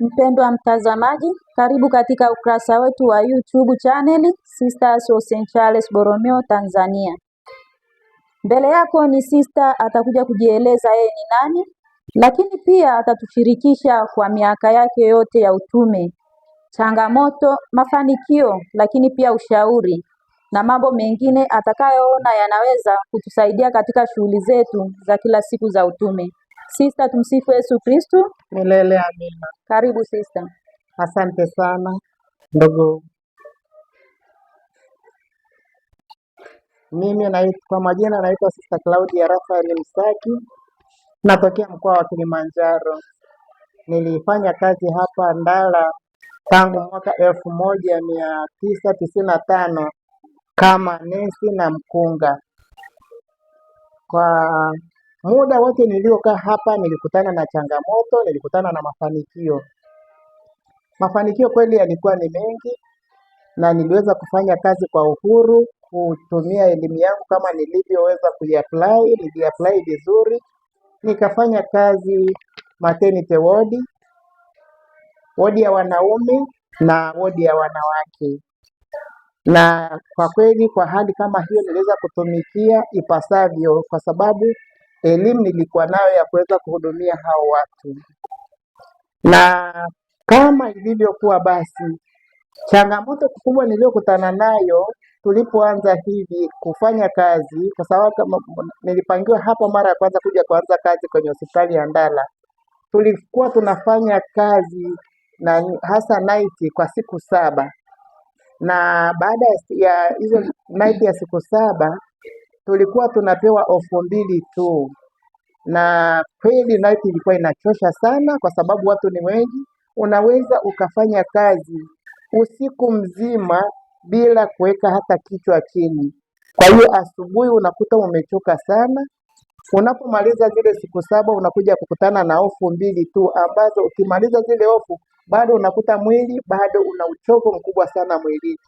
Mpendwa mtazamaji, karibu katika ukurasa wetu wa YouTube channel Sisters of St. Charles Borromeo Tanzania. Mbele yako ni sister atakuja kujieleza yeye ni nani, lakini pia atatushirikisha kwa miaka yake yote ya utume, changamoto, mafanikio, lakini pia ushauri na mambo mengine atakayoona yanaweza kutusaidia katika shughuli zetu za kila siku za utume. Sista, tumsifu Yesu Kristu. Milele amina. Karibu sista. Asante sana ndugu. Mimi naitwa kwa majina naitwa Sista Claudia Rafael Msaki, natokea mkoa wa Kilimanjaro. Nilifanya kazi hapa Ndala tangu mwaka elfu moja mia tisa tisini na tano kama nesi na mkunga kwa Muda wote niliokaa hapa nilikutana na changamoto, nilikutana na mafanikio. Mafanikio kweli yalikuwa ni mengi, na niliweza kufanya kazi kwa uhuru, kutumia elimu yangu kama nilivyoweza kuiapply. Niliapply vizuri, nikafanya kazi maternity ward, wodi ya wanaume na wodi ya wanawake, na kwa kweli kwa hali kama hiyo niliweza kutumikia ipasavyo kwa sababu elimu nilikuwa nayo ya kuweza kuhudumia hao watu, na kama ilivyokuwa basi, changamoto kubwa niliyokutana nayo tulipoanza hivi kufanya kazi, kwa sababu nilipangiwa hapa mara ya kwanza kuja kuanza kazi kwenye hospitali ya Ndala, tulikuwa tunafanya kazi na hasa night kwa siku saba, na baada ya hizo night ya siku saba tulikuwa tunapewa ofu mbili tu, na kweli night ilikuwa inachosha sana, kwa sababu watu ni wengi. Unaweza ukafanya kazi usiku mzima bila kuweka hata kichwa chini. Kwa hiyo asubuhi unakuta umechoka sana. Unapomaliza zile siku saba unakuja kukutana na hofu mbili tu, ambazo ukimaliza zile hofu bado unakuta mwili bado una uchovu mkubwa sana mwilini.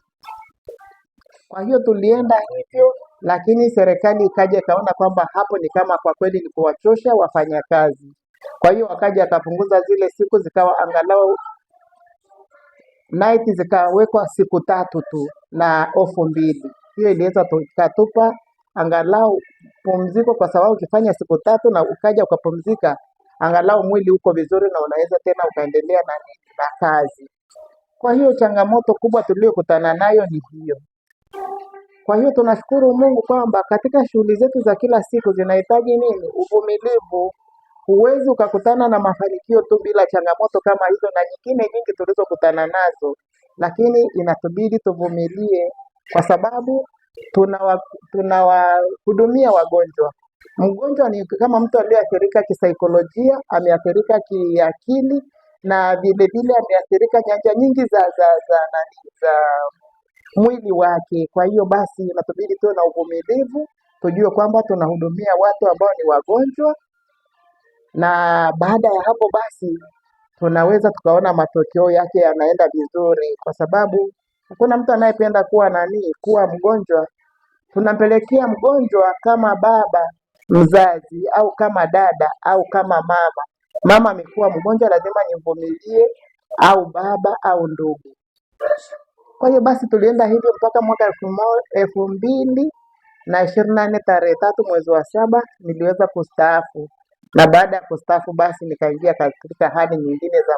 Kwa hiyo tulienda ah, hivyo, lakini serikali ikaja ikaona kwamba hapo ni kama kwa kweli ni kuwachosha wafanyakazi. Kwa hiyo wakaja akapunguza zile siku, zikawa angalau night zikawekwa siku tatu tu na ofu mbili. Hiyo iliweza ikatupa angalau pumziko, kwa sababu ukifanya siku tatu na ukaja ukapumzika, angalau mwili uko vizuri na unaweza tena ukaendelea na na kazi. Kwa hiyo changamoto kubwa tuliyokutana nayo ni hiyo. Kwa hiyo tunashukuru Mungu kwamba katika shughuli zetu za kila siku zinahitaji nini? Uvumilivu. Huwezi ukakutana na mafanikio tu bila changamoto kama hizo na nyingine nyingi tulizokutana nazo, lakini inatubidi tuvumilie, kwa sababu tunawahudumia tuna wagonjwa. Mgonjwa ni kama mtu aliyeathirika kisaikolojia, ameathirika kiakili na vilevile ameathirika nyanja nyingi za za za, za, za mwili wake. Kwa hiyo basi, inatubidi tuwe na uvumilivu, tujue kwamba tunahudumia watu ambao ni wagonjwa, na baada ya hapo basi tunaweza tukaona matokeo yake yanaenda vizuri, kwa sababu hakuna mtu anayependa kuwa nani, kuwa mgonjwa. Tunampelekea mgonjwa kama baba mzazi au kama dada au kama mama. Mama amekuwa mgonjwa, lazima nivumilie, au baba au ndugu. Kwa hiyo basi tulienda hivyo mpaka mwaka elfu mbili na ishirini na nne tarehe tatu mwezi wa saba niliweza kustaafu, na baada ya kustaafu basi nikaingia katika hali nyingine za